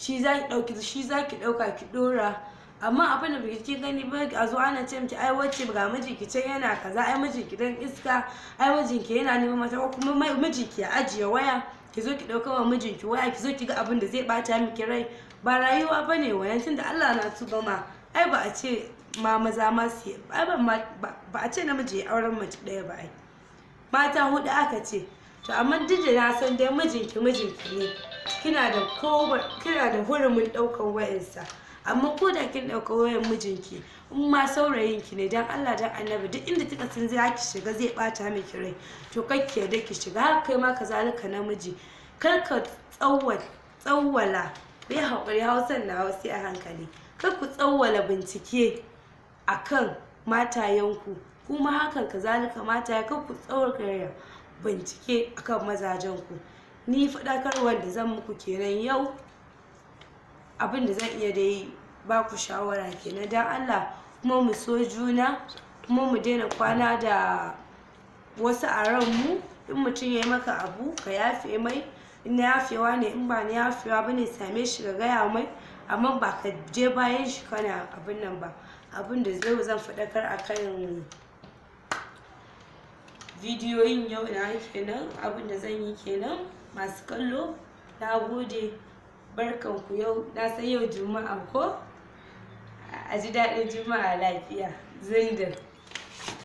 shi za ki shi za ki ɗauka ki ɗora amma abin da biki gani ba a zo ana ce miki ai wacce ga mijinki can yana kaza ai mijinki dan iska ai mijinki yana neman mata kuma mijinki ya ajiye waya ki zo ki ɗauka wa mijinki waya ki zo ki ga abin da zai ɓata miki rai ba rayuwa ba ne wayan tunda Allah na tuba ma ai ba a ce ma maza ma su ai ba a ce namiji ya auren mace ɗaya ba ai mata hudu aka ce to amma duk da na san dai mijinki mijinki ne kina da ko kina da hurumin ɗaukar wayansa amma ko da kin ɗauka wayan mijinki in ma saurayin ki ne dan Allah dan Annabi duk inda kika san zai ki shiga zai bata miki rai to ki da ki shiga har kai ma kazalika namiji kar ka tsawwal tsawwala bai haƙuri hausan na hausa a hankali kar ku tsawwala bincike akan ku, kuma hakan kazalika mataye kar ku tsawwala bincike akan mazajen ku. ni faɗakarwar da zan muku kenan yau abin da zan iya dai ba ku shawara kenan don allah kuma mu so juna kuma mu daina kwana da wasu a mu, in mutum ya maka abu ka yafe mai in na yafewa ne in ba ni yafewa ba ne same shi ga gaya mai amma ba ka je bayan shi kana abin nan ba abin da zai zan faɗakar akan bidiyoyin yau na kenan abin da zan yi kenan masu kallo na gode barkanku yau na san yau juma'a ko a ji daɗin juma'a lafiya zindin